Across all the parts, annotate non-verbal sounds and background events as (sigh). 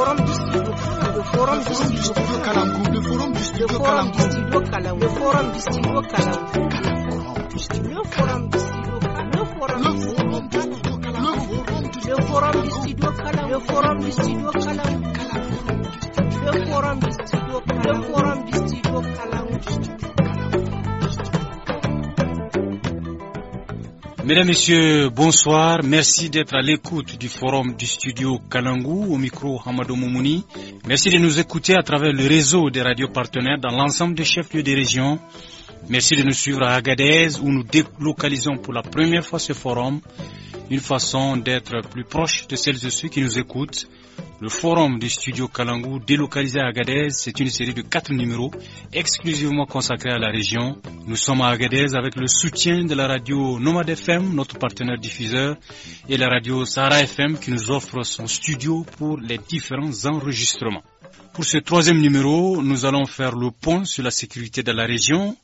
forum district the forum district the forum district the forum district the forum district the forum district the forum district the forum district the forum district Mesdames, Messieurs, bonsoir. Merci d'être à l'écoute du forum du studio Kalangou au micro Hamadou Moumouni. Merci de nous écouter à travers le réseau des radios partenaires dans l'ensemble des chefs-lieux des régions. Merci de nous suivre à Agadez où nous délocalisons pour la première fois ce forum une façon d'être plus proche de celles et ceux qui nous écoutent. Le forum du studio Kalangou délocalisé à Agadez, c'est une série de quatre numéros exclusivement consacrés à la région. Nous sommes à Agadez avec le soutien de la radio Nomad FM, notre partenaire diffuseur, et la radio Sahara FM qui nous offre son studio pour les différents enregistrements. Pour ce troisième numéro, nous allons faire le pont sur la sécurité de la région.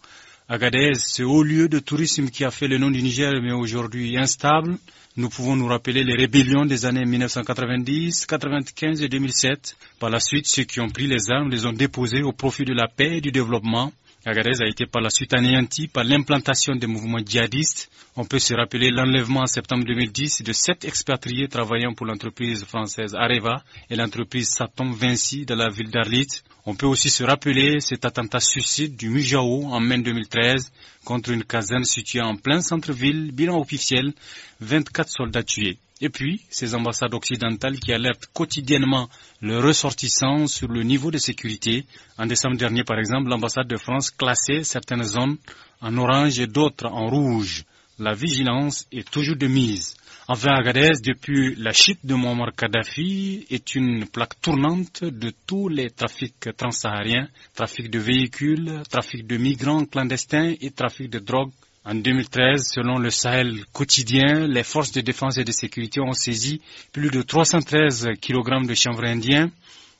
Agadez, ce haut lieu de tourisme qui a fait le nom du Niger, mais aujourd'hui instable. Nous pouvons nous rappeler les rébellions des années 1990, 95 et 2007. Par la suite, ceux qui ont pris les armes les ont déposés au profit de la paix et du développement. Agadez a été par la suite anéanti par l'implantation des mouvements djihadistes. On peut se rappeler l'enlèvement en septembre 2010 de sept expatriés travaillant pour l'entreprise française Areva et l'entreprise Satom Vinci dans la ville d'Arlit. On peut aussi se rappeler cet attentat suicide du Mujao en mai 2013 contre une caserne située en plein centre-ville, bilan officiel, 24 soldats tués. Et puis, ces ambassades occidentales qui alertent quotidiennement le ressortissants sur le niveau de sécurité. En décembre dernier, par exemple, l'ambassade de France classait certaines zones en orange et d'autres en rouge. La vigilance est toujours de mise. Enfin, Agadez, depuis la chute de Muammar Kadhafi, est une plaque tournante de tous les trafics transsahariens, trafic de véhicules, trafic de migrants clandestins et trafic de drogue. En 2013, selon le Sahel quotidien, les forces de défense et de sécurité ont saisi plus de 313 kg de chanvre indien,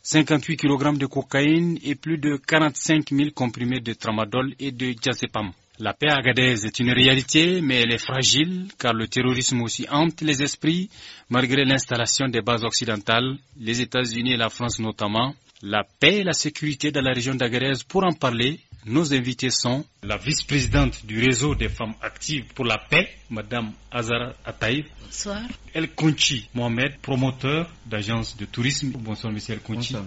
58 kg de cocaïne et plus de 45 000 comprimés de tramadol et de diazépam. La paix à Agadez est une réalité, mais elle est fragile car le terrorisme aussi hante les esprits. Malgré l'installation des bases occidentales, les États-Unis et la France notamment, la paix et la sécurité dans la région d'Agadez, pour en parler, nos invités sont la vice-présidente du réseau des femmes actives pour la paix, Madame Azara Ataïf. Bonsoir. El Kunchi Mohamed, promoteur d'agence de tourisme. Bonsoir, Monsieur El Bonsoir,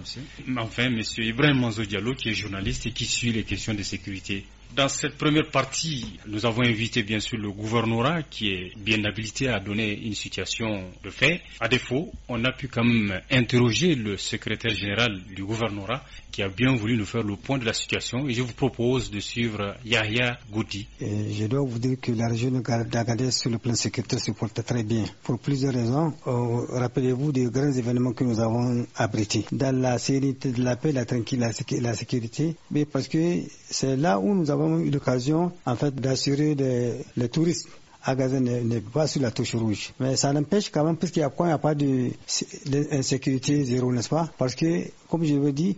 Enfin, Ibrahim Manzodialo, qui est journaliste et qui suit les questions de sécurité dans cette première partie, nous avons invité bien sûr le gouvernorat qui est bien habilité à donner une situation de fait. À défaut, on a pu quand même interroger le secrétaire général du gouvernorat qui a bien voulu nous faire le point de la situation et je vous propose de suivre Yahya Goudi. Je dois vous dire que la région d'Agadez sur le plan sécuritaire se porte très bien pour plusieurs raisons. Euh, rappelez-vous des grands événements que nous avons abrités dans la sérénité de la paix, la tranquillité, la sécurité, mais parce que c'est là où nous avons avons eu l'occasion, en fait, d'assurer les, les à Gaza, n'est pas sur la touche rouge. Mais ça n'empêche quand même, puisqu'il n'y a, a, pas d'insécurité zéro, n'est-ce pas Parce que, comme je vous dis,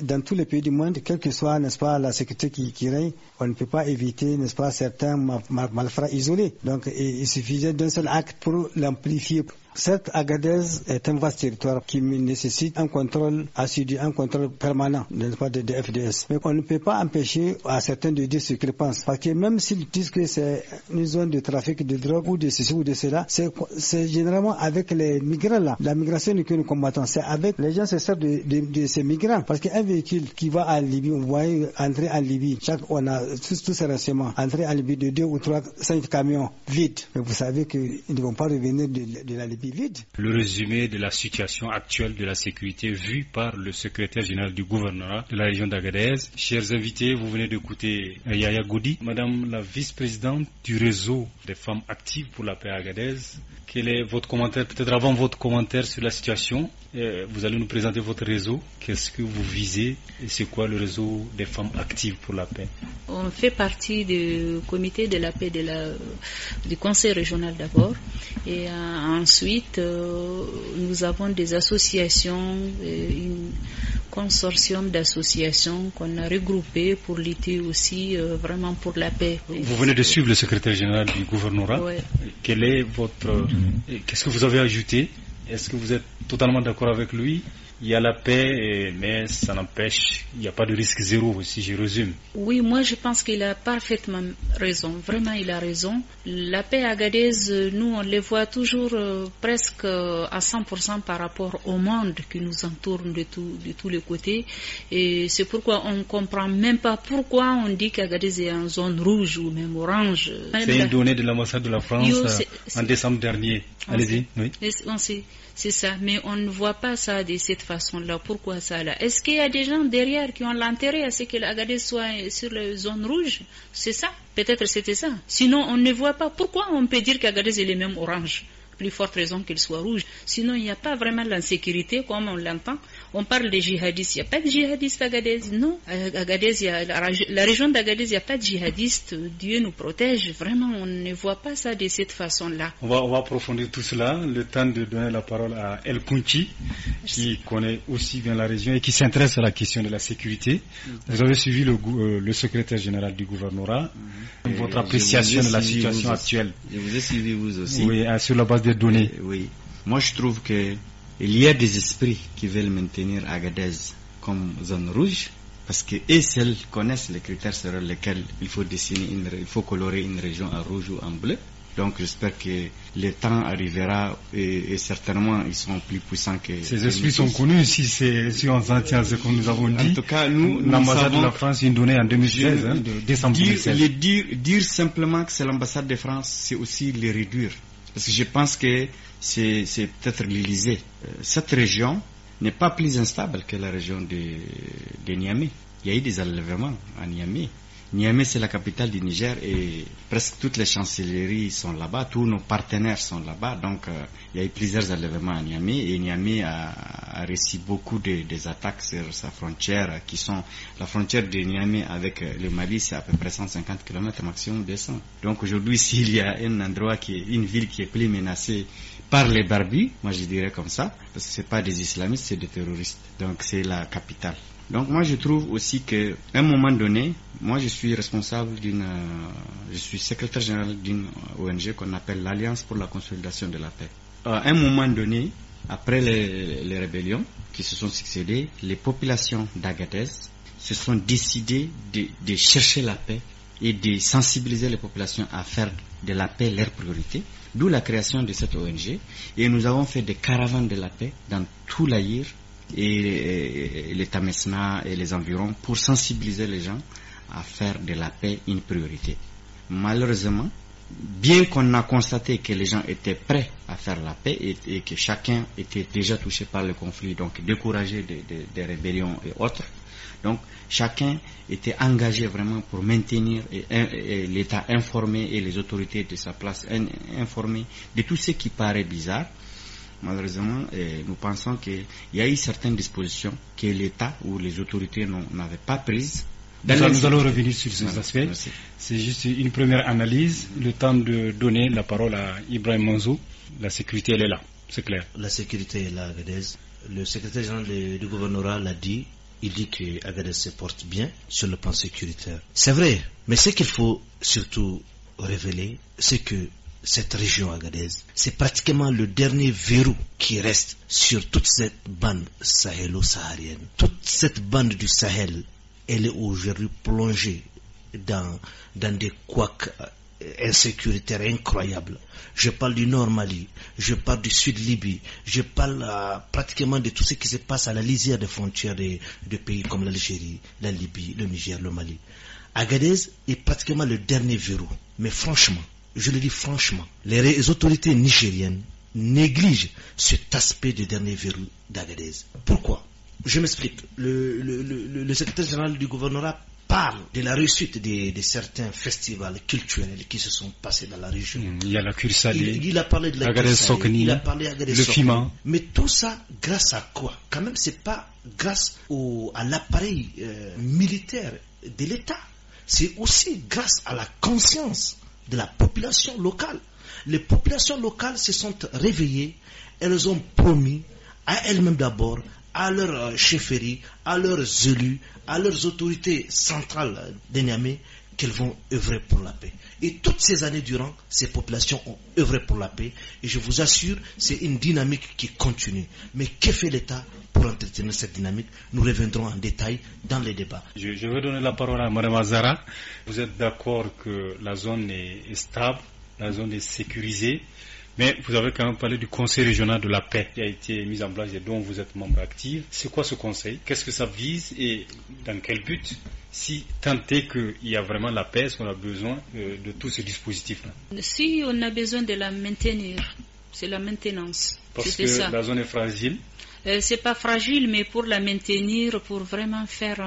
dans tous les pays du monde, quelle que soit, n'est-ce pas, la sécurité qui, qui règne, on ne peut pas éviter, n'est-ce pas, certains malfrats isolés. Donc, il suffisait d'un seul acte pour l'amplifier, cette Agadez est un vaste territoire qui nécessite un contrôle assidu, un contrôle permanent pas, de, de FDS. Mais on ne peut pas empêcher à certains de dire ce qu'ils pensent. Parce que même s'ils disent que c'est une zone de trafic de drogue ou de ceci ou de cela, c'est généralement avec les migrants là. La migration que nous combattons, c'est avec les gens se servent de, de, ces migrants. Parce qu'un véhicule qui va à Libye, on voit entrer en Libye, chaque, on a tous, tous ces renseignements, entrer en Libye de deux ou trois, cinq camions vides. Mais vous savez qu'ils ne vont pas revenir de, de la Libye. Le résumé de la situation actuelle de la sécurité vue par le secrétaire général du Gouvernement de la région d'Agadez. Chers invités, vous venez d'écouter Yaya Goudi, madame la vice-présidente du réseau des femmes actives pour la paix à Agadez. Quel est votre commentaire, peut-être avant votre commentaire sur la situation euh, Vous allez nous présenter votre réseau. Qu'est-ce que vous visez et c'est quoi le réseau des femmes actives pour la paix On fait partie du comité de la paix de la, du conseil régional d'abord et euh, ensuite euh, nous avons des associations, euh, un consortium d'associations qu'on a regroupées pour lutter aussi euh, vraiment pour la paix. Vous venez de suivre le secrétaire général du gouvernorat. Quel est votre, mm-hmm. qu'est-ce que vous avez ajouté Est-ce que vous êtes totalement d'accord avec lui il y a la paix, mais ça n'empêche, il n'y a pas de risque zéro, si je résume. Oui, moi je pense qu'il a parfaitement raison. Vraiment, il a raison. La paix à Agadez, nous, on les voit toujours euh, presque euh, à 100% par rapport au monde qui nous entoure de, tout, de tous les côtés. Et c'est pourquoi on ne comprend même pas pourquoi on dit qu'Agadez est en zone rouge ou même orange. C'est une donnée de l'ambassade de la France euh, en décembre dernier. Allez-y. Oui. C'est ça, mais on ne voit pas ça de cette façon-là. Pourquoi ça là Est-ce qu'il y a des gens derrière qui ont l'intérêt à ce que l'Agadez soit sur la zone rouge C'est ça, peut-être c'était ça. Sinon, on ne voit pas. Pourquoi on peut dire qu'Agadez est le même orange plus forte raison qu'il soit rouge. Sinon, il n'y a pas vraiment l'insécurité comme on l'entend. On parle des djihadistes. Il n'y a pas de djihadistes à Agadez. Non, à Agadez, la région d'Agadez, il n'y a pas de djihadistes. Dieu nous protège. Vraiment, on ne voit pas ça de cette façon-là. On va, approfondir tout cela. Le temps de donner la parole à El Kunti, qui connaît aussi bien la région et qui s'intéresse à la question de la sécurité. Mm-hmm. Vous avez suivi euh, le, secrétaire général du gouvernorat. Mm-hmm. Votre appréciation de la situation actuelle. Je vous ai suivi vous aussi. Oui, hein, sur la base de eh, oui. Moi, je trouve que il y a des esprits qui veulent maintenir Agadez comme zone rouge parce que eux seuls connaissent les critères sur lesquels il faut dessiner, il faut colorer une région en rouge ou en bleu. Donc j'espère que le temps arrivera et, certainement ils seront plus puissants que. Ces esprits sont connus si, on s'en tient à ce que nous avons dit. En tout cas, nous, l'ambassade de la France une donnée en 2016, hein, décembre 2016. dire, simplement que c'est l'ambassade de France, c'est aussi les réduire parce que je pense que c'est peut-être l'Élysée. Euh, cette région n'est pas plus instable que la région de, de Niamey. Il y a eu des enlèvements à Niamey. Niamey, c'est la capitale du Niger et presque toutes les chancelleries sont là-bas, tous nos partenaires sont là-bas. Donc, euh, il y a eu plusieurs événements à Niamey et Niamey a, a reçu beaucoup de, des attaques sur sa frontière qui sont la frontière de Niamey avec euh, le Mali, c'est à peu près 150 km maximum 200. Donc, aujourd'hui, (laughs) s'il y a un endroit qui est, une ville qui est plus menacée par les barbus, moi je dirais comme ça, parce que c'est pas des islamistes, c'est des terroristes. Donc, c'est la capitale. Donc moi je trouve aussi qu'à un moment donné, moi je suis responsable d'une, euh, je suis secrétaire général d'une euh, ONG qu'on appelle l'Alliance pour la consolidation de la paix. À un moment donné, après les, rébellions qui se sont succédées, les populations d'Agadez se sont décidées de, de chercher la paix et de sensibiliser les populations à faire de la paix leur priorité, d'où la création de cette ONG. Et nous avons fait des caravanes de la paix dans tout l'Aïr, et, l'État Messna et les environs pour sensibiliser les gens à faire de la paix une priorité. Malheureusement, bien qu'on a constaté que les gens étaient prêts à faire la paix et, que chacun était déjà touché par le conflit, donc découragé des rébellions et autres, donc chacun était engagé vraiment pour maintenir l'État informé et les autorités de sa place informées de tout ce qui paraît bizarre malheureusement, eh, nous pensons qu'il y a eu certaines dispositions que l'État ou les autorités n'avaient pas prises. Nous, nous, allons revenir sur ces aspects. C'est juste une première analyse. Le temps de donner la parole à Ibrahim Manzo. La sécurité, elle est là, c'est clair. La sécurité est là, Agadez. Le secrétaire général du gouvernorat l'a dit. Il dit que Agadez se porte bien sur le plan sécuritaire. C'est vrai, mais ce qu'il faut surtout révéler, c'est que cette région Agadez C'est pratiquement le dernier verrou qui reste sur toute cette bande sahélo-saharienne. Toute cette bande du Sahel, elle est aujourd'hui plongée dans, dans des couacs euh, insécuritaires incroyables Je parle du Nord Mali, je parle du Sud Libye, je parle euh, pratiquement de tout ce qui se passe à la lisière des frontières de, pays comme l'Algérie, la Libye, le Niger, le Mali. Agadez est pratiquement le dernier verrou. Mais franchement, je le dis franchement, les autorités nigériennes négligent cet aspect du dernier verrou d'Agadez. Pourquoi Je m'explique. Le, secrétaire général du gouvernorat parle de la réussite de, certains festivals culturels qui se sont passés dans la région. Il y a la il, a parlé de la Sokni, il a parlé le Fima. Mais tout ça grâce à quoi Quand même, c'est pas grâce à l'appareil euh, militaire de l'État. C'est aussi grâce à la conscience de la population locale. Les populations locales se sont réveillées, elles ont promis à elles-mêmes d'abord, à leurs euh, chefferies, à leurs élus, à leurs autorités centrales Niamey qu'elles vont œuvrer pour la paix. Et toutes ces années durant, ces populations ont œuvré pour la paix. Et je vous assure, c'est une dynamique qui continue. Mais que fait l'État pour entretenir cette dynamique Nous reviendrons en détail dans les débats. Je, je vais donner la parole à Mme Azara. Vous êtes d'accord que la zone est stable, la zone est sécurisée, mais vous avez quand même parlé du Conseil régional de la paix qui a été mis en place et dont vous êtes membre actif. C'est quoi ce conseil Qu'est-ce que ça vise et dans quel but si tant est qu'il y a vraiment la paix, on a besoin euh, de tout ce dispositif-là Si on a besoin de la maintenir, c'est la maintenance. Parce que la zone est fragile, euh, c'est pas fragile, mais pour la maintenir, pour vraiment faire,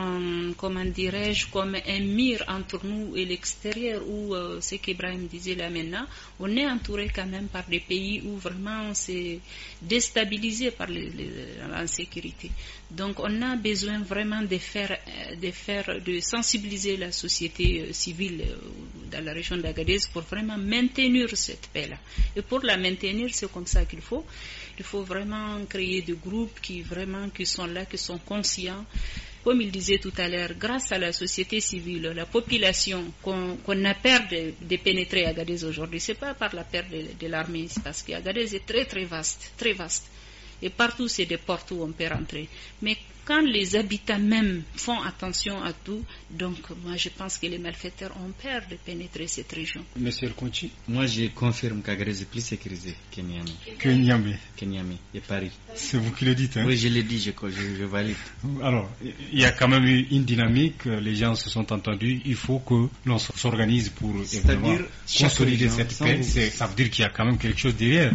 comment dirais-je, comme un mur entre nous et l'extérieur, ou euh, ce qu'Ibrahim disait là maintenant, on est entouré quand même par des pays où vraiment s'est déstabilisé par l'insécurité. Donc on a besoin vraiment de faire, euh, de faire, de sensibiliser la société civile dans la région d'Agadez pour vraiment maintenir cette paix-là. Et pour la maintenir, c'est comme ça qu'il faut. Il faut vraiment créer des groupes qui vraiment qui sont là, qui sont conscients. Comme il disait tout à l'heure, grâce à la société civile, la population qu'on a peur de, pénétrer pénétrer Agadez aujourd'hui, c'est pas par la peur de, l'armée, c'est parce qu'Agadez est très très vaste, très vaste. Et partout, c'est des portes où on peut rentrer. Mais quand les habitants même font attention à tout, donc moi je pense que les malfaiteurs ont peur de pénétrer cette région. Monsieur Conchi, moi je confirme qu'Agrès est plus sécurisé que Niamey. et Paris. C'est vous qui le dites. Hein? Oui, je l'ai dit, je, je valide. Alors, il y a quand même eu une dynamique, les gens se sont entendus, il faut que l'on s'organise pour consolider cette paix. Ça veut dire qu'il y a quand même quelque chose derrière.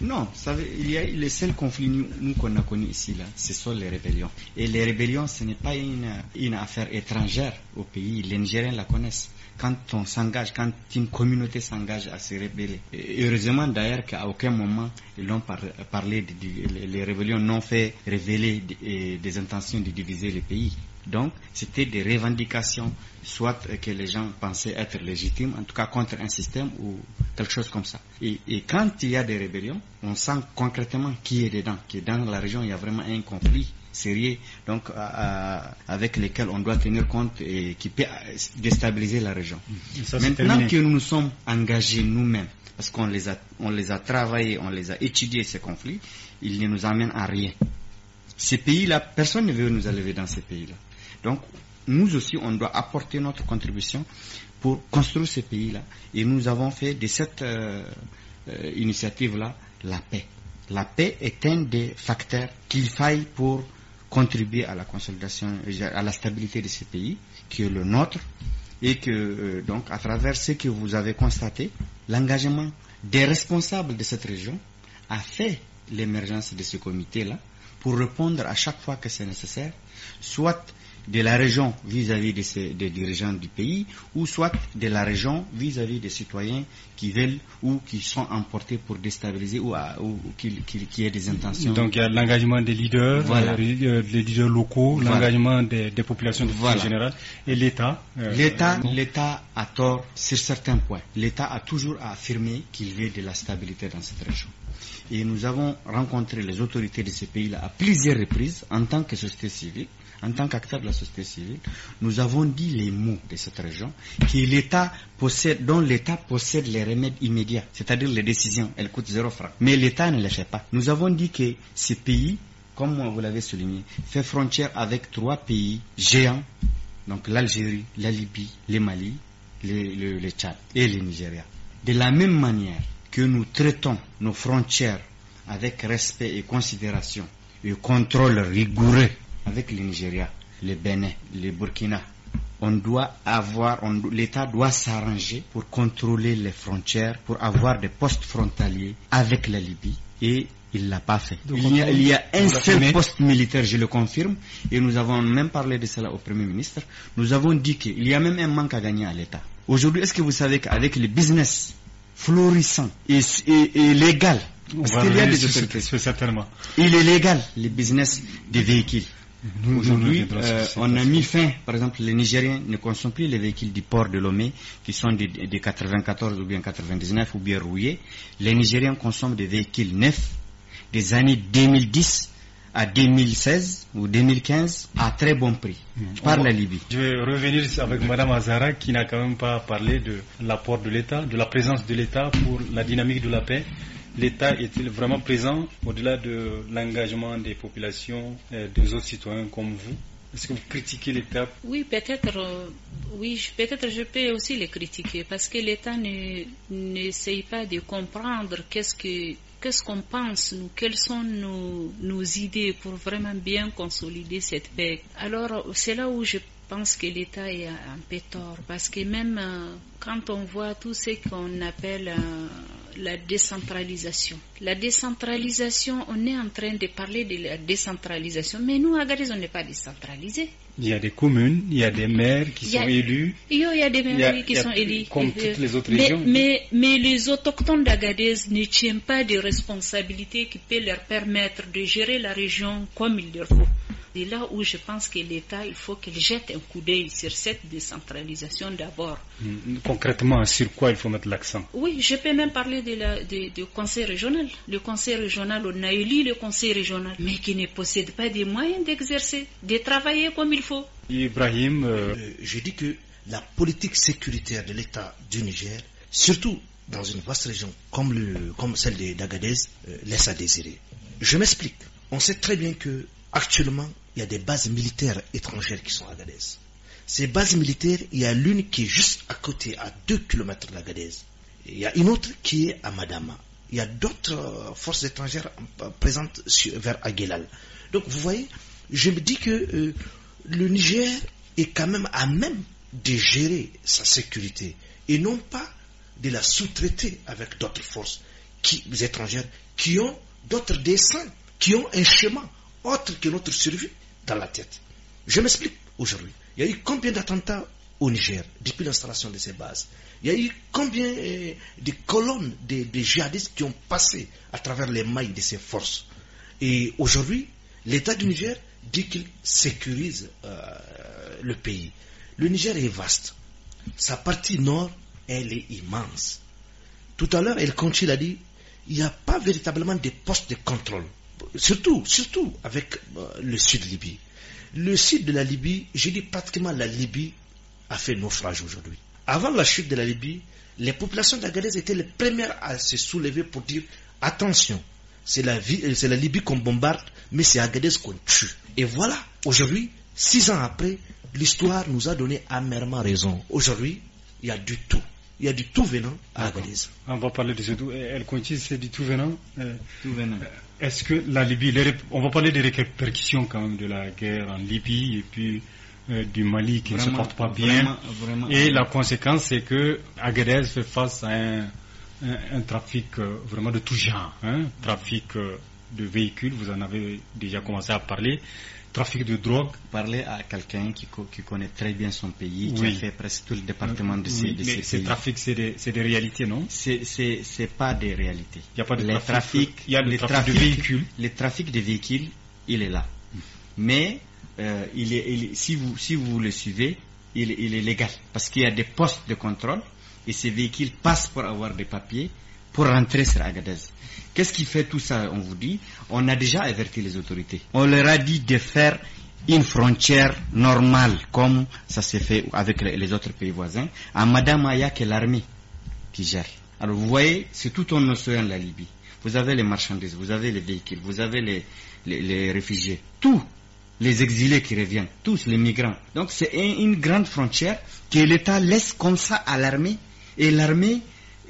Non, il y a le seul conflit nous, qu'on a connu ici là, ce sont les rébellions. Et les rébellions, ce n'est pas une, affaire étrangère au pays. Les Nigériens la connaissent quand on s'engage, quand une communauté s'engage à se rébeller. heureusement d'ailleurs qu'à aucun moment ils n'ont parlé, les rébellions n'ont fait révéler des intentions de diviser le pays. Donc, c'était des revendications, soit que les gens pensaient être légitimes, en tout cas contre un système ou quelque chose comme ça. Et, quand il y a des rébellions, on sent concrètement qui est dedans, que dans la région, il y a vraiment un conflit sérieux, donc avec lequel on doit tenir compte et qui peut déstabiliser la région. Mm. Maintenant que nous nous sommes engagés nous-mêmes, parce qu'on les a, on les a travaillés, on les a étudiés ces conflits, ils ne nous amènent à rien. Ces pays-là, personne ne veut nous enlever dans ces pays-là. Donc, nous aussi, on doit apporter notre contribution pour construire ce pays-là. Et nous avons fait de cette euh, euh, initiative-là la paix. La paix est un des facteurs qu'il faille pour contribuer à la consolidation, à la stabilité de ce pays, qui est le nôtre, et que euh, donc à travers ce que vous avez constaté, l'engagement des responsables de cette région a fait l'émergence de ce comité-là pour répondre à chaque fois que c'est nécessaire, soit de la région vis-à-vis des dirigeants du pays, ou soit de la région vis-à-vis des citoyens qui veulent ou qui sont emportés pour déstabiliser ou, qui, qui, des intentions. Donc il y a l'engagement des leaders, des euh, euh, leaders locaux, l'engagement des, populations de général et l'État. Euh, L'État, l'État a tort sur certains points. L'État a toujours affirmé qu'il veut de la stabilité dans cette région. Et nous avons rencontré les autorités de ces pays-là à plusieurs reprises en tant que société civile en tant qu'acteur de la société civile, nous avons dit les mots de cette région, que l'État possède, dont l'État possède les remèdes immédiats, c'est-à-dire les décisions, elles coûtent zéro franc. Mais l'État ne les fait pas. Nous avons dit que ce pays, comme vous l'avez souligné, fait frontière avec trois pays géants, donc l'Algérie, la Libye, le Mali, le, le Tchad et le Nigeria. De la même manière que nous traitons nos frontières avec respect et considération et contrôle rigoureux avec le Nigeria, le Bénin, le Burkina, on doit avoir, l'État doit s'arranger pour contrôler les frontières, pour avoir des postes frontaliers avec la Libye et il l'a pas fait. il, y a, un seul poste militaire, je le confirme, et nous avons même parlé de cela au Premier ministre. Nous avons dit qu'il y a même un manque à gagner à l'État. Aujourd'hui, est-ce que vous savez qu'avec le business florissant et, légal, certainement. Il est légal, le business des véhicules. Aujourd'hui, euh, on a mis fin, par exemple, les Nigériens ne consomment plus les véhicules du port de Lomé qui sont des de 94 ou bien 99 ou bien rouillés. Les Nigériens consomment des véhicules neufs des années 2010 à 2016 ou 2015 à très bon prix mmh. par la Libye. Je vais revenir avec Madame Azara qui n'a quand même pas parlé de l'apport de l'État, de la présence de l'État pour la dynamique de la paix l'État est-il vraiment présent au-delà de l'engagement des populations, euh, des autres citoyens comme vous Est-ce que vous critiquez l'État Oui, peut-être. Euh, oui, peut-être je peux aussi les critiquer parce que l'État n'essaye pas de comprendre qu'est-ce que qu'est-ce qu'on pense, quelles sont nos, idées pour vraiment bien consolider cette paix. Alors, c'est là où je pense que l'État est un peu tort, parce que même euh, quand on voit tout ce qu'on appelle la décentralisation. La décentralisation, on est en train de parler de la décentralisation, mais nous, à on n'est pas décentralisé. Il y a des communes, il y a des maires qui sont élus. Il y a des maires qui sont élus. Comme toutes les autres régions. Mais, mais les autochtones d'Agadez ne tiennent pas des responsabilités qui peuvent leur permettre de gérer la région comme il leur faut. C'est là où je pense que l'État, il faut qu'il jette un coup d'œil sur cette décentralisation d'abord. Mm, concrètement, sur quoi il faut mettre l'accent Oui, je peux même parler du conseil régional. Le conseil régional, on a élu le conseil régional, mais qui ne possède pas des moyens d'exercer, de travailler comme il faut. Ibrahim, euh, euh, je dis que la politique sécuritaire de l'État du Niger, surtout dans une vaste région comme, le, comme celle d'Agadez, euh, laisse à désirer. Je m'explique. On sait très bien que actuellement il y a des bases militaires étrangères qui sont à Agadez. Ces bases militaires, il y a l'une qui est juste à côté, à 2 km de la Gadez. Il y a une autre qui est à Madama. Il y a d'autres euh, forces étrangères euh, présentes vers Aguelal. Donc vous voyez, je me dis que euh, le Niger est quand même à même de gérer sa sécurité et non pas de la sous-traiter avec d'autres forces étrangères qui ont d'autres dessins, qui ont un chemin autre que notre survie dans la tête. Je m'explique aujourd'hui. Il y a eu combien d'attentats au Niger depuis l'installation de ces bases Il y a eu combien eh, de colonnes de, djihadistes qui ont passé à travers les mailles de ces forces Et aujourd'hui, l'État du Niger dit qu'il sécurise euh, le pays. Le Niger est vaste. Sa partie nord, elle est immense. Tout à l'heure, El continue l'a dit, il n'y a pas véritablement de postes de contrôle surtout, surtout avec euh, le sud Libye. Le sud de la Libye, je dis pratiquement la Libye a fait naufrage aujourd'hui. Avant la chute de la Libye, les populations d'Agadez étaient les premières à se soulever pour dire attention, c'est la, euh, Libye qu'on bombarde, mais c'est Agadez qu'on tue. Et voilà, aujourd'hui, six ans après, l'histoire nous a donné amèrement raison. Aujourd'hui, il y a du tout. Il y a du tout venant à Agadez. On va parler de ce tout. elle continue, c'est du tout venant. Euh, tout venant est-ce que la Libye, on va parler des répercussions quand même de la guerre en Libye et puis euh, du Mali qui ne se porte pas bien. et la conséquence, c'est que Agadez fait face à un, trafic euh, vraiment de tout genre, hein, trafic euh, de véhicules, vous en avez déjà commencé à parler, trafic de drogue. Parler à quelqu'un qui, connaît très bien son pays, qui a fait presque tout le département de euh, ces, mais Ces trafics, c'est des, réalités, non C'est pas des réalités. Il n'y a pas de trafic. Il y a le trafic, de véhicules. Le trafic de véhicules, il est là. Mais euh, il est, si, vous, si vous le suivez, il est légal. Parce qu'il y a des postes de contrôle et ces véhicules passent pour avoir des papiers pour rentrer sur Agadez. Qu'est-ce qui fait tout ça On vous dit, on a déjà averti les autorités. On leur a dit de faire une frontière normale, comme ça s'est fait avec les autres pays voisins. À Madame que l'armée qui gère. Alors vous voyez, c'est tout en océan la Libye. Vous avez les marchandises, vous avez les véhicules, vous avez les, réfugiés, Tous les exilés qui reviennent, tous les migrants. Donc c'est une grande frontière que l'État laisse comme ça à l'armée. Et l'armée,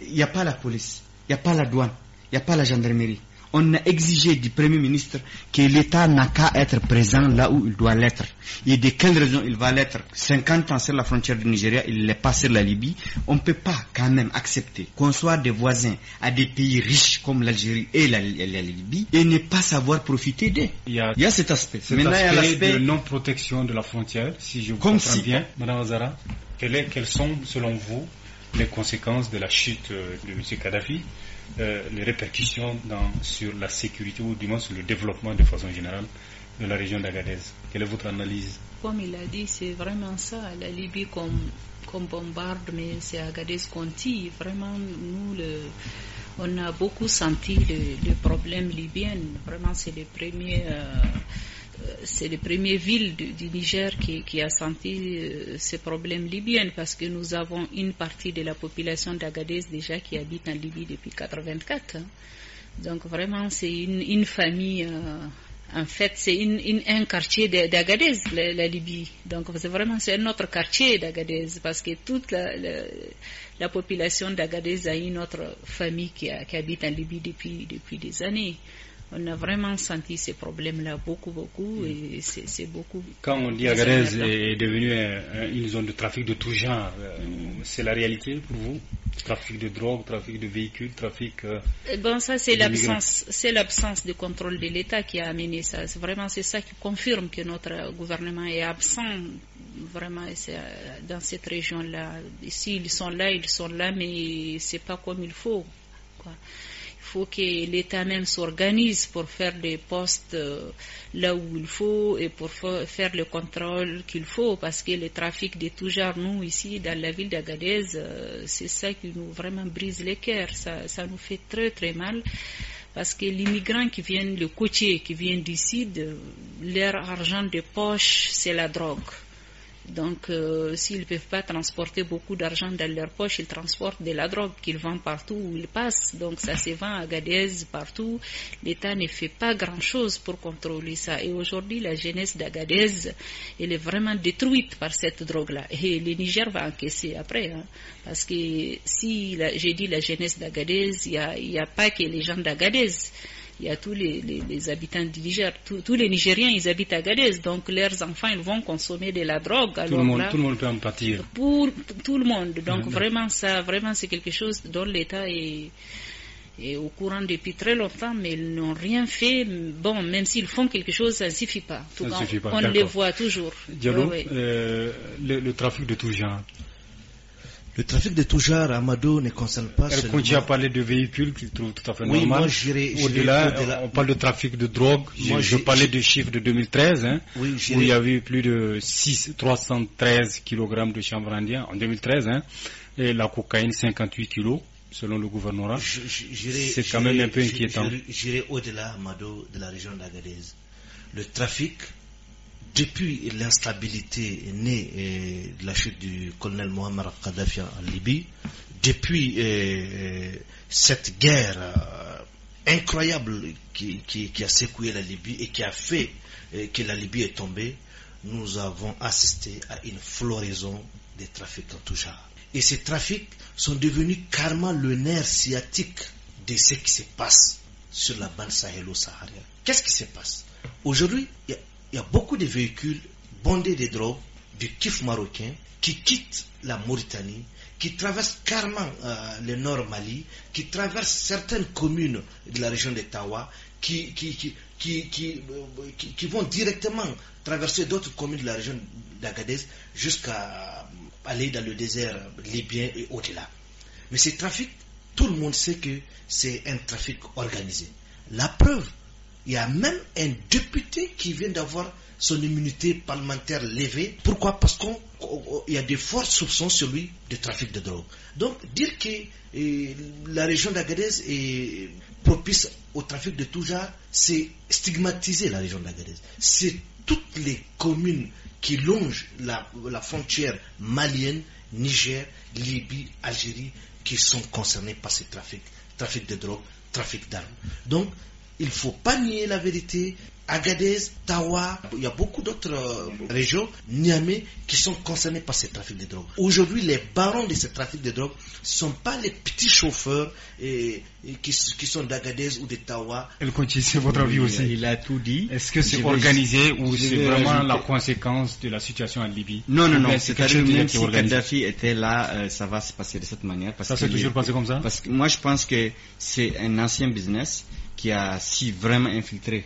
il n'y a pas la police n'y a pas la douane, il n'y a pas la gendarmerie. On a exigé du Premier ministre que l'État n'a qu'à être présent là où il doit l'être. Et de quelle raison il va l'être 50 ans sur la frontière du Nigeria, il n'est pas sur la Libye. On ne peut pas quand même accepter qu'on soit des voisins à des pays riches comme l'Algérie et la, Libye et ne pas savoir profiter d'eux. Il, y a cet aspect. Cet Maintenant, aspect, de non-protection de la frontière, si je comme comprends bien, Madame Azara. Quelles sont, selon vous, les conséquences de la chute euh, de M. Kadhafi, euh, les répercussions dans, sur la sécurité ou du moins sur le développement de façon générale de la région d'Agadez. Quelle est votre analyse Comme il a dit, c'est vraiment ça. La Libye comme bombarde, mais c'est Agadez qu'on tire. Vraiment, nous, le, on a beaucoup senti le, problème libyen. Vraiment, c'est les premiers. Euh, euh, c'est la première ville du, Niger qui, a senti euh, ce ces problèmes parce que nous avons une partie de la population d'Agadez déjà qui habite en Libye depuis 84. Hein. Donc vraiment, c'est une, famille. Euh, en fait, c'est un quartier d'Agadez, la, Libye. Donc, c'est vraiment c'est un autre quartier d'Agadez parce que toute la, population d'Agadez a une autre famille qui, habite en Libye depuis des années on a vraiment senti ces problèmes-là beaucoup, beaucoup, et c'est beaucoup. Quand on dit Agadez est devenue une zone de trafic de tout genre, euh, c'est la réalité pour vous Trafic de drogue, trafic de véhicules, trafic. Euh, eh bon, ça c'est l'absence, c'est l'absence de contrôle de l'État qui a amené ça. C'est Vraiment, c'est ça qui confirme que notre gouvernement est absent vraiment euh, dans cette région-là. Ici, ils sont là, ils sont là, mais c'est pas comme il faut. Quoi. Il faut que l'État même s'organise pour faire des postes euh, là où il faut et pour faire le contrôle qu'il faut parce que le trafic de tout genre, nous ici dans la ville d'Agadez, euh, c'est ça qui nous vraiment brise les cœurs. Ça, nous fait très très mal parce que les migrants qui viennent, le côtier qui viennent d'ici, euh, leur argent de poche, c'est la drogue. Donc, euh, s'ils ne peuvent pas transporter beaucoup d'argent dans leur poche, ils transportent de la drogue qu'ils vendent partout où ils passent. Donc, ça se vend à Agadez, partout. L'État ne fait pas grand-chose pour contrôler ça. Et aujourd'hui, la jeunesse d'Agadez, elle est vraiment détruite par cette drogue-là. Et le Niger va encaisser après. Hein. parce que si j'ai dit la jeunesse d'Agadez, il n'y a pas que les gens d'Agadez il y a tous les, les, habitants du Niger, tous, les Nigériens, ils habitent à Gadez, donc leurs enfants, ils vont consommer de la drogue. tout, le monde, peut en partir. Pour tout le monde. Donc vraiment, ça, vraiment, c'est quelque chose dont l'État est, au courant depuis très longtemps, mais ils n'ont rien fait. Bon, même s'ils font quelque chose, ça ne suffit pas. ça On les voit toujours. Euh, le, trafic de tous genre. Le trafic de tout genre, Amado, ne concerne pas Elle continue à parler de véhicules qu'il trouve tout à fait oui, normal. Au-delà, on parle de trafic de drogue. Moi, je, parlais de chiffres de 2013, hein, où il y avait plus de 6, 313 kg de chambre en 2013, hein, et la cocaïne 58 kg selon le gouvernorat. C'est quand même un peu inquiétant. J'irai au-delà, Amado, de la région d'Agadez. Le trafic depuis l'instabilité née euh, de la chute du colonel Mohamed Kadhafi en Libye, depuis euh, euh, cette guerre incroyable qui, a secoué la Libye et qui a fait que la Libye est tombée, nous avons assisté à une floraison des trafics en tout genre. Et ces trafics sont devenus carrément le nerf sciatique de ce qui se passe sur la bande sahélo-saharienne. Qu'est-ce qui se passe Aujourd'hui, il y a il y a beaucoup de véhicules bondés de drogue du kiff marocain qui quittent la Mauritanie, qui traversent carrément euh, le nord Mali, qui traversent certaines communes de la région de Tawa, qui, qui, qui, qui euh, vont directement traverser d'autres communes de la région d'Agadez jusqu'à euh, aller dans le désert libyen et au-delà. Mais ce trafic, tout le monde sait que c'est un trafic organisé. La preuve, il y a même un député qui vient d'avoir son immunité parlementaire levée. Pourquoi Parce qu'il y a des forts soupçons sur lui de trafic de drogue. Donc dire que eh, la région d'Agadez est propice au trafic de tout genre, c'est stigmatiser la région d'Agadez. C'est toutes les communes qui longent la, la frontière malienne, Niger, Libye, Algérie, qui sont concernées par ce trafic, trafic de drogue, trafic d'armes. Donc il ne faut pas nier la vérité. Agadez, Tawa, il y a beaucoup d'autres euh, régions, Niamey, qui sont concernées par ce trafic de drogue. Aujourd'hui, les barons de ce trafic de drogue ne sont pas les petits chauffeurs et, qui, sont d'Agadez ou de Tawa. Elle continue. c'est votre avis aussi. Il a tout dit. Est-ce que c'est organisé ou c'est vraiment la conséquence de la situation en Libye Non, non, non. C'est-à-dire même si Kadhafi était là, euh, ça va se passer de cette manière. Parce ça s'est toujours passé comme ça Parce que moi, je pense que c'est un ancien business qui a si vraiment infiltré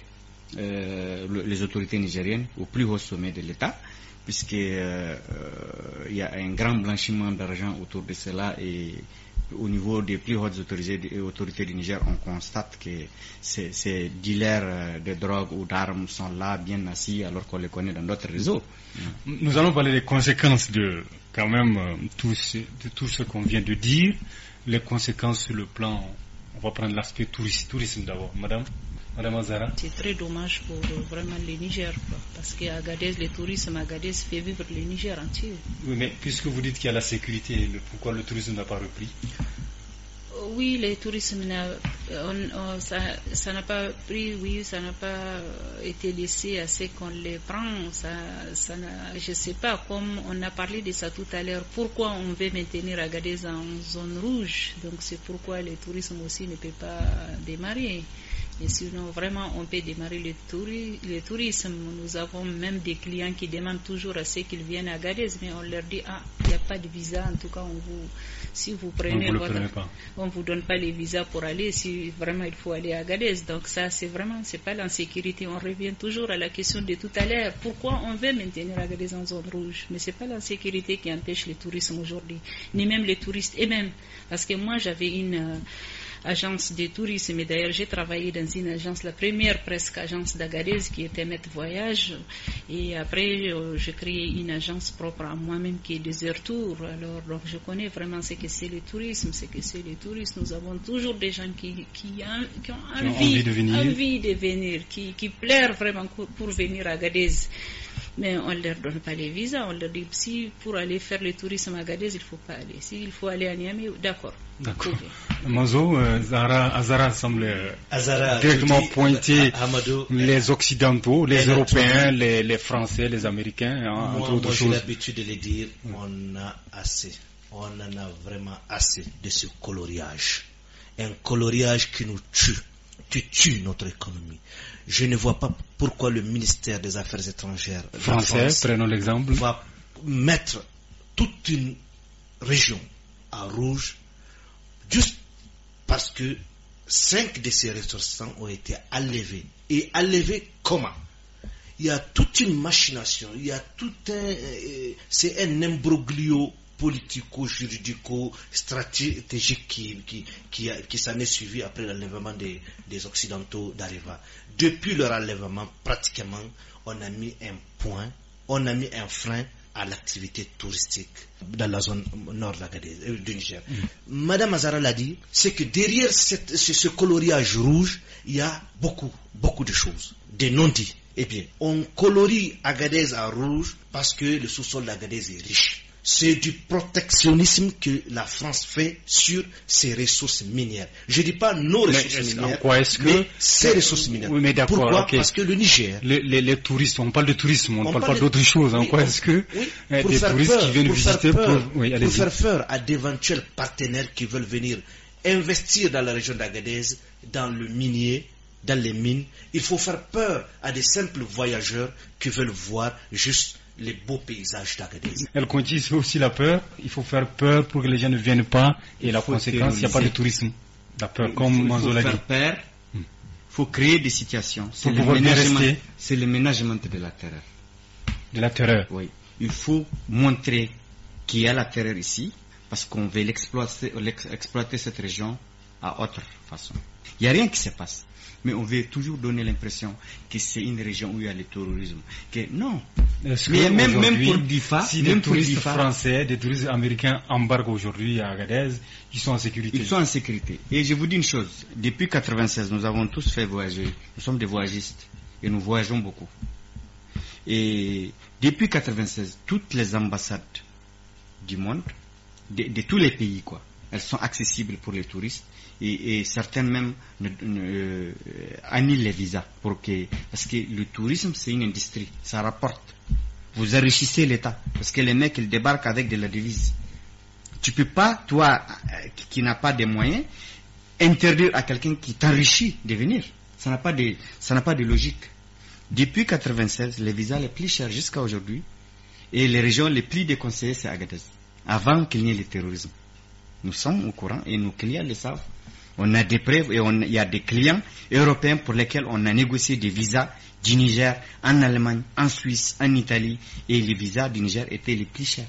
euh, les autorités nigériennes au plus haut sommet de l'État, puisqu'il euh, euh y a un grand blanchiment d'argent autour de cela et au niveau des plus hautes autorités, autorités du Niger, on constate que ces, dealers euh, de drogue ou d'armes sont là, bien assis, alors qu'on les connaît dans d'autres réseaux. Nous allons parler des conséquences de quand même tout ce, de tout ce qu'on vient de dire, les conséquences sur le plan on va prendre l'aspect tourisme, d'abord. Madame Madame Azara C'est très dommage pour euh, vraiment le Niger, Parce parce qu'Agadez, le tourisme Agadez fait vivre le Niger entier. Oui, mais puisque vous dites qu'il y a la sécurité, pourquoi le tourisme n'a pas repris euh, Oui, le tourisme n'a euh, on, ça n'a pas pris, oui, ça n'a pas euh, été laissé à ce qu'on les prend. Ça, ça je ne sais pas, comme on a parlé de ça tout à l'heure, pourquoi on veut maintenir Agadez en zone rouge. Donc c'est pourquoi le tourisme aussi ne peut pas démarrer. Et sinon, vraiment, on peut démarrer le, le, tourisme. Nous avons même des clients qui demandent toujours à ceux qu'ils viennent à Agadez, mais on leur dit, ah, pas de visa, en tout cas, on vous, si vous prenez votre, on vous donne pas les visas pour aller. Si vraiment il faut aller à Gadez, donc ça, c'est vraiment, c'est pas l'insécurité. On revient toujours à la question de tout à l'heure. Pourquoi on veut maintenir Agadez en zone rouge Mais c'est pas l'insécurité qui empêche les touristes aujourd'hui, ni même les touristes, et même parce que moi j'avais une euh, agence de tourisme. Et d'ailleurs, j'ai travaillé dans une agence, la première presque agence d'Agadez qui était Met Voyage. Et après, euh, j'ai créé une agence propre à moi-même qui est Desert Tour. Alors, je connais vraiment ce que c'est le tourisme, ce que c'est le tourisme. Nous avons toujours des gens qui, ont, envie, de venir, qui, qui plairent vraiment pour venir à Agadez mais on ne leur donne pas les visas. On leur dit si pour aller faire le tourisme à Gadez il ne faut pas aller. S'il faut aller à Niamey, d'accord. D'accord. Mazo, euh, Zara, Azara semble euh, directement pointer euh, les Occidentaux, les Européens, les, les, Français, les Américains, hein, moi, entre autres moi, J'ai l'habitude de les dire on a assez. On en a vraiment assez de ce coloriage. Un coloriage qui nous tue tu tues notre économie. Je ne vois pas pourquoi le ministère des Affaires étrangères français, prenons l'exemple, va mettre toute une région à rouge juste parce que cinq de ces ressortissants ont été enlevés. Et enlevées comment Il y a toute une machination, il y a tout un... Euh, c'est un imbroglio politico-juridico-stratégique qui, qui, s'en est suivi après l'enlèvement des, des Occidentaux d'Areva. Depuis leur enlèvement, pratiquement, on a mis un point, on a mis un frein à l'activité touristique dans la zone nord euh, du Niger. Mm. Madame Azara l'a dit, c'est que derrière cette, ce, ce, coloriage rouge, il y a beaucoup, beaucoup de choses, des non-dits. Eh bien, on colorie Agadez en rouge parce que le sous-sol d'Agadez est riche c'est du protectionnisme que la France fait sur ses ressources minières. Je ne dis pas nos ressources minières, quoi que... ressources minières. mais Pourquoi Parce que le Niger... Les, touristes, on parle de tourisme, on ne parle pas d'autre chose. En quoi est-ce que eh, des touristes qui viennent Faire peur, faire peur à d'éventuels partenaires qui veulent venir investir dans la région d'Agadez, dans le minier, dans les mines. Il faut faire peur à des simples voyageurs qui veulent voir juste les beaux paysages d'Agadez. Elle contient aussi la peur. Il faut faire peur pour que les gens ne viennent pas. Et la conséquence, il n'y a pas de tourisme. La peur, comme l'a dit. Faire peur, hmm. il faut créer des situations. C'est le, le, ménagement de la terreur. De la terreur Oui. Il faut montrer qu'il y a la terreur ici, parce qu'on veut l'exploiter, cette région à autre façon. Il n'y a rien qui se passe mais on veut toujours donner l'impression que c'est une région où il y a le terrorisme. Que non. même, pour DIFA, si même des touristes français, des touristes américains embarquent aujourd'hui à Agadez, ils sont en sécurité. Ils sont en sécurité. Et je vous dis une chose, depuis 96, nous avons tous fait voyager. Nous sommes des voyagistes et nous voyageons beaucoup. Et depuis 96, toutes les ambassades du monde, de, de tous les pays, quoi, elles sont accessibles pour les touristes et, et même euh, annulent les visas parce que le tourisme c'est une industrie, ça rapporte. Vous enrichissez l'État parce que les mecs ils débarquent avec de la devise. Tu peux pas, toi euh, qui, n'as pas de moyens, interdire à quelqu'un qui t'enrichit de venir. Ça n'a pas de, ça n'a pas de logique. Depuis 96, les visas les plus chers jusqu'à aujourd'hui et les régions les plus déconseillées c'est Agadez. Avant qu'il n'y ait le terrorisme. Nous sommes au courant et nos clients le savent. On a des preuves et il y a des clients européens pour lesquels on a négocié des visas du Niger en Allemagne, en Suisse, en Italie. Et les visas du Niger étaient les plus chers.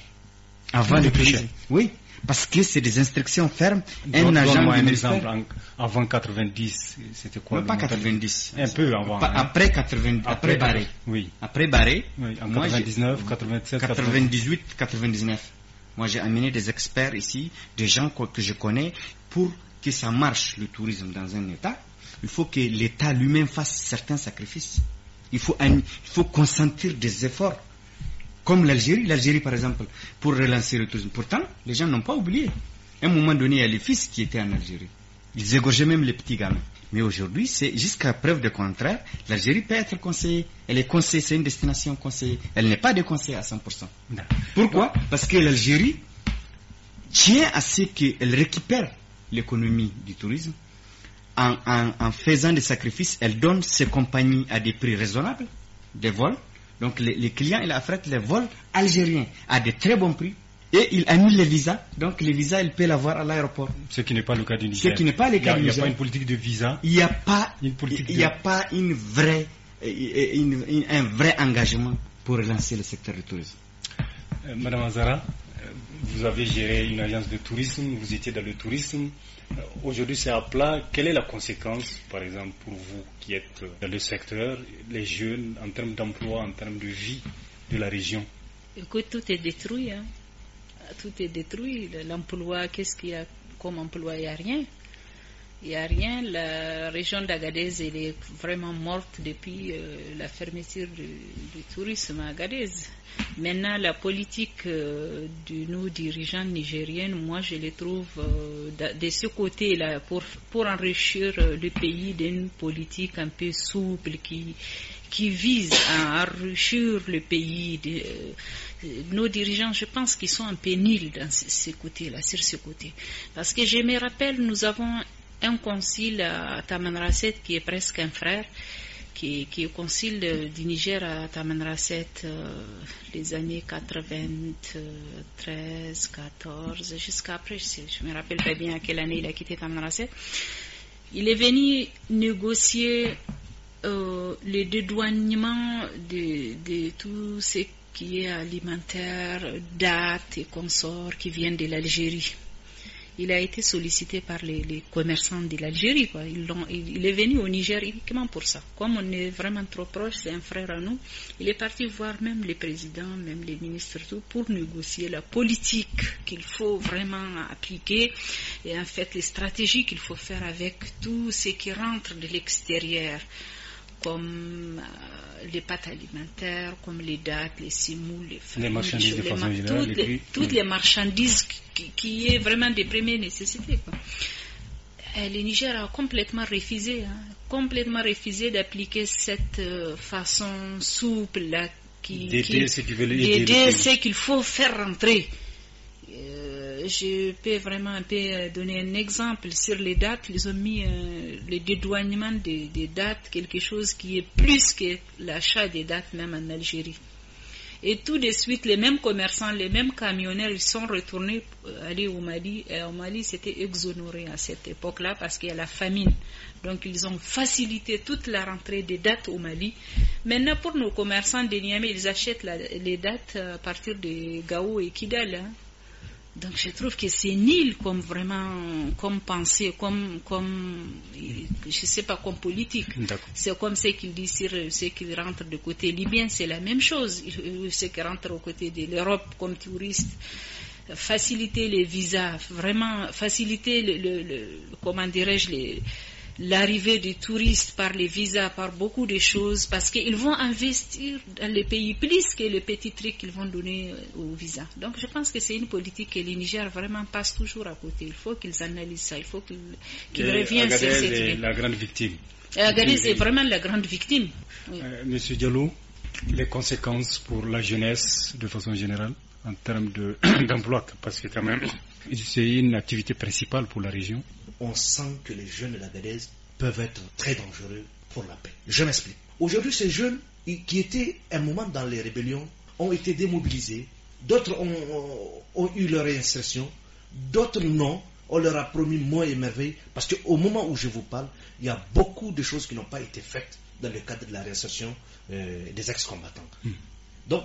Avant les plus chers Oui, parce que c'est des instructions fermes. Un agent moi un avant 90, c'était quoi Pas 90. Un peu avant. Hein. Après 90, après, Barré. Oui. Après Barré. en 99, 97, 98, 99. Moi, j'ai amené des experts ici, des gens que je connais, pour que ça marche, le tourisme dans un État. Il faut que l'État lui-même fasse certains sacrifices. Il faut, il faut consentir des efforts. Comme l'Algérie, l'Algérie par exemple, pour relancer le tourisme. Pourtant, les gens n'ont pas oublié. À un moment donné, il y a les fils qui étaient en Algérie. Ils égorgeaient même les petits gamins. Mais aujourd'hui, c'est jusqu'à preuve de contraire, l'Algérie peut être conseillée. Elle est conseillée, c'est une destination conseillée. Elle n'est pas de conseil à 100%. Pourquoi Parce que l'Algérie tient à ce qu'elle récupère l'économie du tourisme. En, faisant des sacrifices, elle donne ses compagnies à des prix raisonnables, des vols. Donc les, clients et la les vols algériens à des très bons prix et il annule les visas. Donc les visas, il peut l'avoir à l'aéroport. Ce qui n'est pas le cas du Niger. Ce qui n'est pas le cas du Niger. Il n'y a pas une politique de visa. Il n'y a pas une vraie, un vrai engagement pour relancer le secteur du tourisme. Euh, Madame Azara, euh, vous avez géré une agence de tourisme, vous étiez dans le tourisme. Euh, aujourd'hui, c'est à plat. Quelle est la conséquence, par exemple, pour vous qui êtes dans le secteur, les jeunes, en termes d'emploi, en termes de vie de la région Écoute, tout est détruit. Hein tout est détruit. L'emploi, qu'est-ce qu'il y a comme emploi Il n'y a rien. Il n'y a rien. La région d'Agadez, elle est vraiment morte depuis euh, la fermeture du, tourisme à Agadez. Maintenant, la politique euh, de nos dirigeants nigériens, moi, je les trouve euh, de, ce côté-là pour, pour enrichir le pays d'une politique un peu souple qui qui vise à enrichir le pays. De, euh, nos dirigeants, je pense qu'ils sont un peu dans ce, côtés là sur ce côté. Parce que je me rappelle, nous avons un concile à Tamanrasset qui est presque un frère, qui, qui est au concile du Niger à taman euh, les années 93, 14, jusqu'à après, je ne me rappelle pas bien à quelle année il a quitté Tamanrasset. Il est venu négocier euh, les le dédouanement de, tout ce qui est alimentaire, dates et consorts qui viennent de l'Algérie. Il a été sollicité par les, commerçants de l'Algérie. Il, il est venu au Niger uniquement pour ça. Comme on est vraiment trop proche, c'est un frère à nous. Il est parti voir même les présidents, même les ministres, tout, pour négocier la politique qu'il faut vraiment appliquer et en fait les stratégies qu'il faut faire avec tout ce qui rentre de l'extérieur comme euh, les pâtes alimentaires, comme les dates, les simous, les marchandises toutes, les, marchandises qui, sont est vraiment des premières nécessités. Et euh, le Niger a complètement refusé, hein, complètement refusé d'appliquer cette euh, façon souple qui, d'aider c'est qu'il faut faire rentrer je peux vraiment euh, donner un exemple sur les dates. Ils ont mis euh, le dédouanement des, dates, quelque chose qui est plus que l'achat des dates même en Algérie. Et tout de suite, les mêmes commerçants, les mêmes camionneurs, ils sont retournés euh, aller au Mali. Et au Mali, c'était exonéré à cette époque-là parce qu'il y a la famine. Donc, ils ont facilité toute la rentrée des dates au Mali. Maintenant, pour nos commerçants de Niamey, ils achètent les dates à partir de Gao et Kidal. Hein. Donc je trouve que c'est nil comme vraiment, comme pensée, comme, comme je sais pas, comme politique. C'est comme ceux qui disent, ceux qui rentrent du côté libyen, c'est la même chose. Ceux qui rentrent au côté de l'Europe comme touristes, faciliter les visas, vraiment faciliter le, le comment dirais-je, les l'arrivée des touristes, par les visas, par beaucoup de choses, parce qu'ils vont investir dans les pays plus que les petits trucs qu'ils vont donner euh, aux visas. Donc je pense que c'est une politique que les Niger vraiment passent toujours à côté. Il faut qu'ils analysent ça, il faut qu'ils reviennent sur cette est la grande victime. Agadez est vraiment la grande victime. Euh, Monsieur Diallo, les conséquences pour la jeunesse de façon générale en termes (coughs) d'emploi, parce que quand même, (coughs) c'est une activité principale pour la région on sent que les jeunes de la BDS peuvent être très dangereux pour la paix. Je m'explique. Aujourd'hui, ces jeunes qui étaient un moment dans les rébellions ont été démobilisés, d'autres ont, eu leur réinsertion, d'autres non. On leur a promis moins et parce qu'au moment où je vous parle, il y a beaucoup de choses qui n'ont pas été faites dans le cadre de la réinsertion euh, des ex-combattants. Hmm. Donc,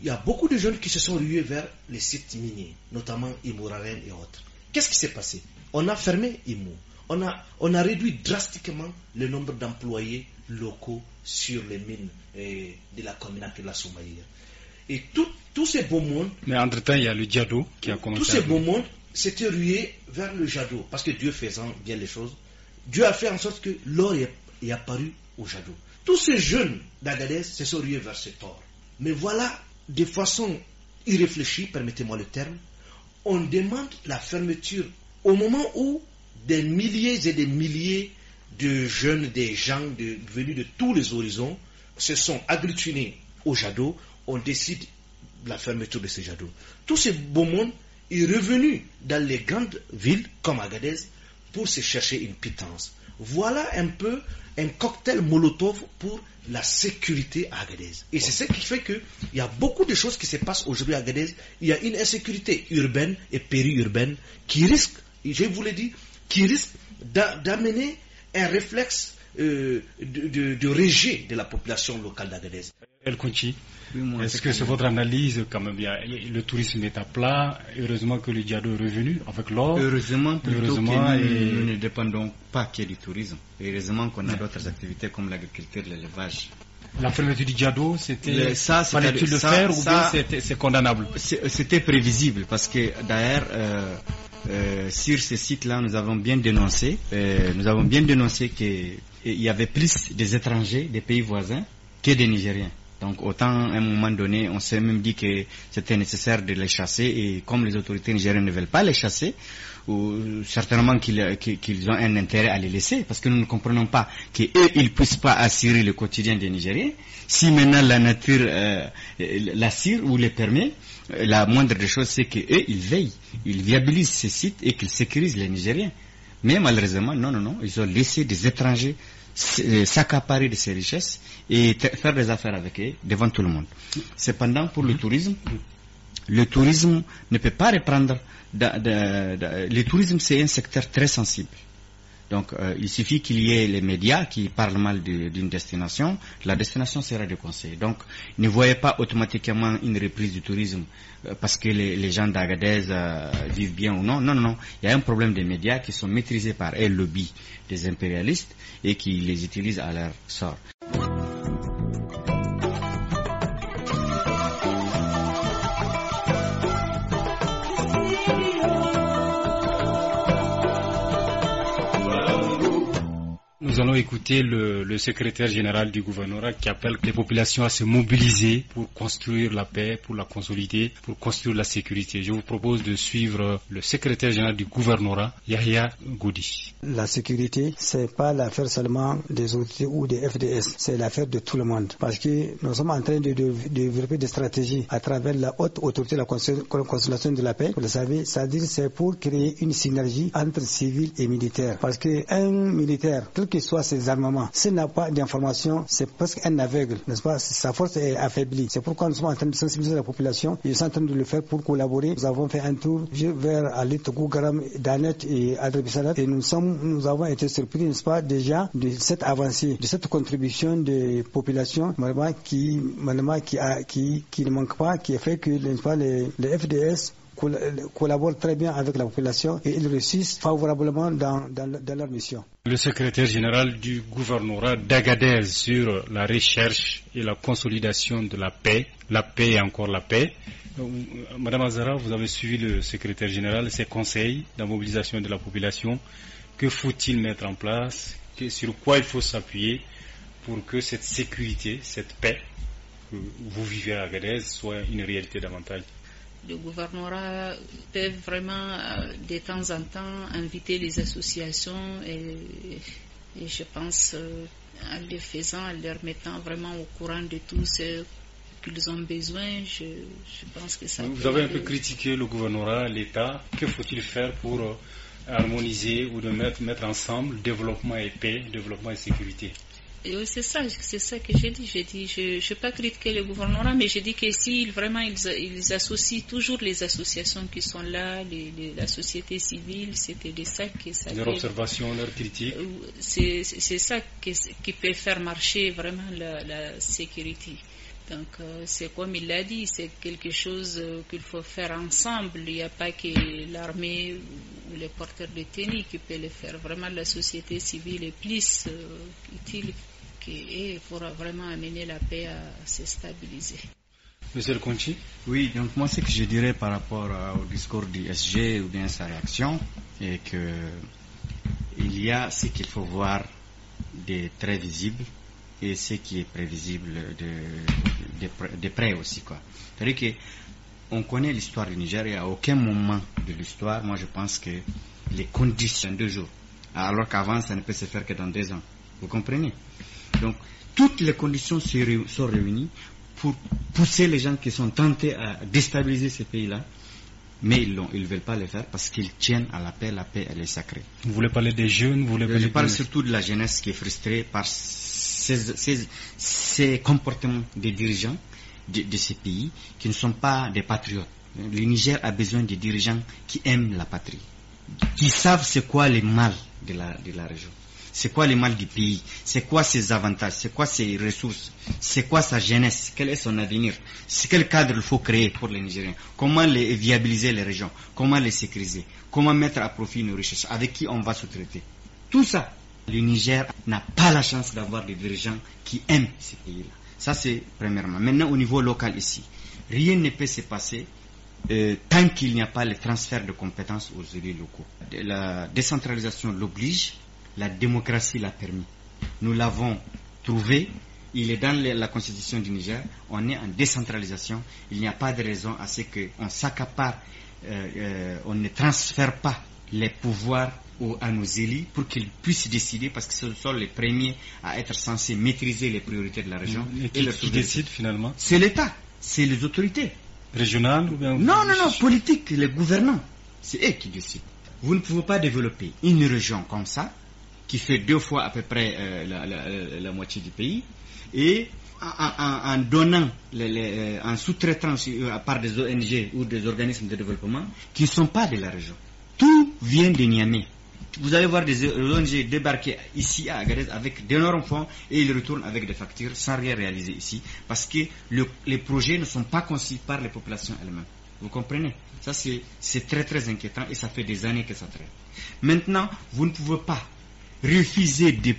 il y a beaucoup de jeunes qui se sont rués vers les sites miniers, notamment Imouraren et autres. Qu'est-ce qui s'est passé on a fermé IMO. On a, on a réduit drastiquement le nombre d'employés locaux sur les mines eh, de la commune de la Somalie. Et tous ces beaux mondes... Mais entre-temps, il y a le Jado qui a commencé. Tous ces beaux mondes s'étaient rués vers le Jado. Parce que Dieu faisant bien les choses, Dieu a fait en sorte que l'or est, apparu au Jado. Tous ces jeunes d'Agadez se sont rués vers cet or. Mais voilà, de façon irréfléchie, permettez-moi le terme, on demande la fermeture au moment où des milliers et des milliers de jeunes, des gens venus de tous les horizons se sont agglutinés au Jadot, on décide la fermeture de ce Jadot. Tout ce beau monde est revenu dans les grandes villes comme Agadez pour se chercher une pitance. Voilà un peu un cocktail Molotov pour la sécurité à Agadez. Et c'est ce qui fait qu'il y a beaucoup de choses qui se passent aujourd'hui à Agadez. Il y a une insécurité urbaine et périurbaine qui risque je vous l'ai dit, qui risque d'amener un réflexe euh, de, de, de, rejet de la population locale d'Agadez. El Kunchi, est-ce que c'est votre analyse quand même Le tourisme est à plat. Heureusement que le Diado est revenu avec l'or. Heureusement, Heureusement nous, ne dépendons pas que du tourisme. Heureusement qu'on a d'autres activités comme l'agriculture, l'élevage. La fermeture du Diado, c'était ça, c'était faire c'est condamnable C'était prévisible parce que d'ailleurs. Euh, euh, sur ce site-là, nous avons bien dénoncé, euh, nous avons bien dénoncé qu'il y avait plus des étrangers des pays voisins que des Nigériens. Donc autant à un moment donné, on s'est même dit que c'était nécessaire de les chasser et comme les autorités nigériennes ne veulent pas les chasser, ou certainement qu'ils ont un intérêt à les laisser parce que nous ne comprenons pas qu'eux, ils ne puissent pas assurer le quotidien des Nigériens. Si maintenant la nature euh, la l'assure ou les permet, la moindre des choses, c'est qu'eux, ils veillent, ils viabilisent ces sites et qu'ils sécurisent les Nigériens. Mais malheureusement, non, non, non, ils ont laissé des étrangers euh, s'accaparer de ces richesses et faire des affaires avec eux devant tout le monde. Cependant, pour le mm-hmm. tourisme, le tourisme ne peut pas reprendre. le tourisme, c'est un secteur très sensible. Donc euh, il suffit qu'il y ait les médias qui parlent mal d'une destination, la destination sera déconseillée. Donc ne voyez pas automatiquement une reprise du tourisme euh, parce que les, gens d'Agadez euh, vivent bien ou non. Non, non, non. Il y a un problème des médias qui sont maîtrisés par un lobby des impérialistes et qui les utilisent à leur sort. Nous allons écouter le, secrétaire général du gouvernorat qui appelle les populations à se mobiliser pour construire la paix, pour la consolider, pour construire la sécurité. Je vous propose de suivre le secrétaire général du gouvernorat, Yahya Goudi. La sécurité, c'est pas l'affaire seulement des autorités ou des FDS, c'est l'affaire de tout le monde. Parce que nous sommes en train de, développer des stratégies à travers la haute autorité de la consolidation de la paix. Vous le savez, c'est-à-dire c'est pour créer une synergie entre civils et militaires. Parce qu'un militaire, tout soit ces armements, s'il n'a pas d'information, c'est presque un aveugle, n'est-ce pas Sa force est affaiblie. C'est pourquoi nous sommes en train de sensibiliser la population et nous sommes en train de le faire pour collaborer. Nous avons fait un tour vers Alit, Gougaram, Danet et Adrebisalat et nous, sommes, nous avons été surpris, n'est-ce pas, déjà de cette avancée, de cette contribution des populations qui, qui, a, qui, ne manque pas, qui a fait que pas, les, les FDS collaborent très bien avec la population et ils réussissent favorablement dans, leur mission. Le secrétaire général du gouvernorat d'Agadez sur la recherche et la consolidation de la paix, la paix et encore la paix. Euh, Madame Azara, vous avez suivi le secrétaire général, ses conseils dans la mobilisation de la population. Que faut-il mettre en place Sur quoi il faut s'appuyer pour que cette sécurité, cette paix que vous vivez à Agadez soit une réalité davantage le gouvernorat peut vraiment euh, de temps en temps inviter les associations et, je pense euh, en les faisant, en leur mettant vraiment au courant de tout ce qu'ils ont besoin, je, pense que ça. Vous avez un peu critiqué le gouvernorat, l'État. Que faut-il faire pour euh, harmoniser ou de mettre, mettre ensemble développement et paix, développement et sécurité c'est ça, c'est ça que j'ai dit. J'ai dit, je n'ai pas critiquer le gouvernement, mais j'ai dit que si vraiment ils, ils, associent toujours les associations qui sont là, les, la société civile, c'était de ça que ça. Leur observation, leur critique. Euh, c'est ça qui peut faire marcher vraiment la, sécurité. Donc, euh, c'est comme il l'a dit, c'est quelque chose euh, qu'il faut faire ensemble. Il n'y a pas que l'armée les porteurs de tennis qui peuvent le faire. Vraiment, la société civile est plus euh, utile et pourra vraiment amener la paix à se stabiliser. Monsieur le Oui, donc moi ce que je dirais par rapport euh, au discours du SG ou bien sa réaction est que il y a ce qu'il faut voir de très visible et ce qui est prévisible de, de, de, près aussi. cest à que on connaît l'histoire du Niger et à aucun moment de l'histoire, moi je pense que les conditions deux jours, alors qu'avant ça ne peut se faire que dans deux ans. Vous comprenez Donc toutes les conditions sont réunies pour pousser les gens qui sont tentés à déstabiliser ces pays-là. Mais ils ne veulent pas le faire parce qu'ils tiennent à la paix, la paix elle est sacrée. Vous voulez parler des jeunes, vous voulez parler Je parle surtout de la jeunesse qui est frustrée par ces, ces, ces comportements des dirigeants de, ces pays qui ne sont pas des patriotes. Le Niger a besoin de dirigeants qui aiment la patrie, qui savent c'est quoi les mal de la, de la région. C'est quoi le mal du pays C'est quoi ses avantages C'est quoi ses ressources C'est quoi sa jeunesse Quel est son avenir Quel cadre il faut créer pour les Nigériens Comment les viabiliser les régions Comment les sécuriser Comment mettre à profit nos richesses, Avec qui on va se traiter Tout ça, le Niger n'a pas la chance d'avoir des dirigeants qui aiment ces pays-là. Ça, c'est premièrement. Maintenant, au niveau local ici, rien ne peut se passer euh, tant qu'il n'y a pas le transfert de compétences aux élus locaux. La décentralisation l'oblige, la démocratie l'a permis. Nous l'avons trouvé, il est dans la constitution du Niger, on est en décentralisation, il n'y a pas de raison à ce qu'on s'accapare, euh, euh, on ne transfère pas les pouvoirs à nos élus pour qu'ils puissent décider, parce que ce sont les premiers à être censés maîtriser les priorités de la région. Et, qui, décide finalement C'est l'État, c'est les autorités. Régionales Non, non, non, politique, les gouvernants. C'est eux qui décident. Vous ne pouvez pas développer une région comme ça, qui fait deux fois à peu près euh, la, moitié du pays, et en, donnant, euh, en sous-traitant euh, à part des ONG ou des organismes de développement qui ne sont pas de la région. Tout vient de Niamey. Vous allez voir des ONG débarquer ici à Agadez avec d'énormes fonds et ils retournent avec des factures sans rien réaliser ici parce que les projets ne sont pas conçus par les populations elles-mêmes. Vous comprenez Ça, c'est très très inquiétant et ça fait des années que ça traîne. Maintenant, vous ne pouvez pas refuser de,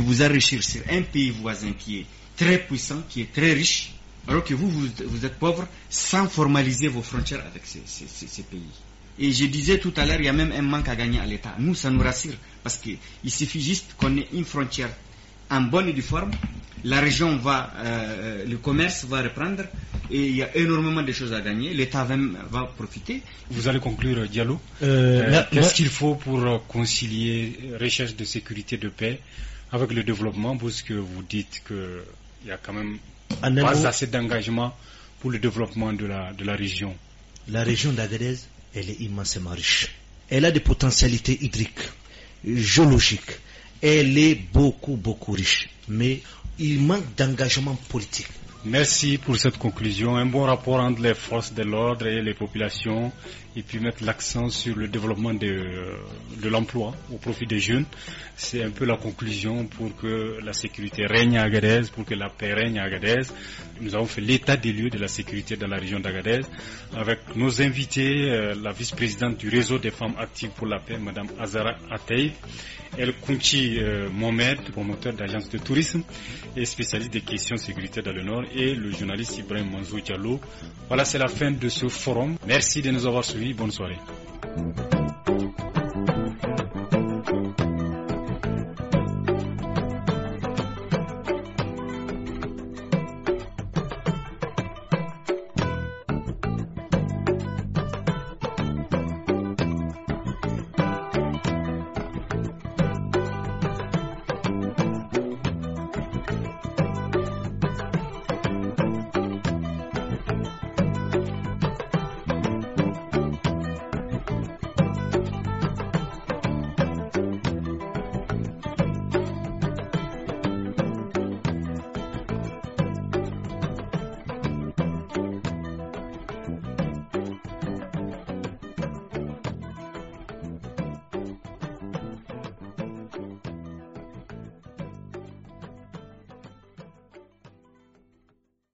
vous enrichir sur un pays voisin qui est très puissant, qui est très riche, alors que vous, vous, êtes pauvre sans formaliser vos frontières avec ces pays. Et je disais tout à l'heure, il y a même un manque à gagner à l'État. Nous, ça nous rassure, parce qu'il suffit juste qu'on ait une frontière en bonne et due forme, la région va, euh, le commerce va reprendre, et il y a énormément de choses à gagner. L'État va, va, profiter. Vous allez conclure, euh, Diallo. Euh, qu'est-ce qu'il faut pour concilier recherche de sécurité, de paix avec le développement, que vous dites qu'il y a quand même pas assez d'engagement pour le développement de la, de la région La région d'Agadez elle est immensément riche. Elle a des potentialités hydriques, géologiques. Elle est beaucoup, beaucoup riche. Mais il manque d'engagement politique. Merci pour cette conclusion. Un bon rapport entre les forces de l'ordre et les populations et puis mettre l'accent sur le développement euh, de, l'emploi au profit des jeunes. C'est un peu la conclusion pour que la sécurité règne à Agadez, pour que la paix règne à Agadez. Nous avons fait l'état des lieux de la sécurité dans la région d'Agadez avec nos invités, euh, la vice-présidente du réseau des femmes actives pour la paix, Madame Azara Atei, El Kounchi euh, Mohamed, promoteur d'agence de tourisme et spécialiste des questions sécuritaires dans le Nord, et le journaliste Ibrahim Manzou Diallo. Voilà, c'est la fin de ce forum. Merci de nous avoir suivis. Oui, bonne soirée. Mmh.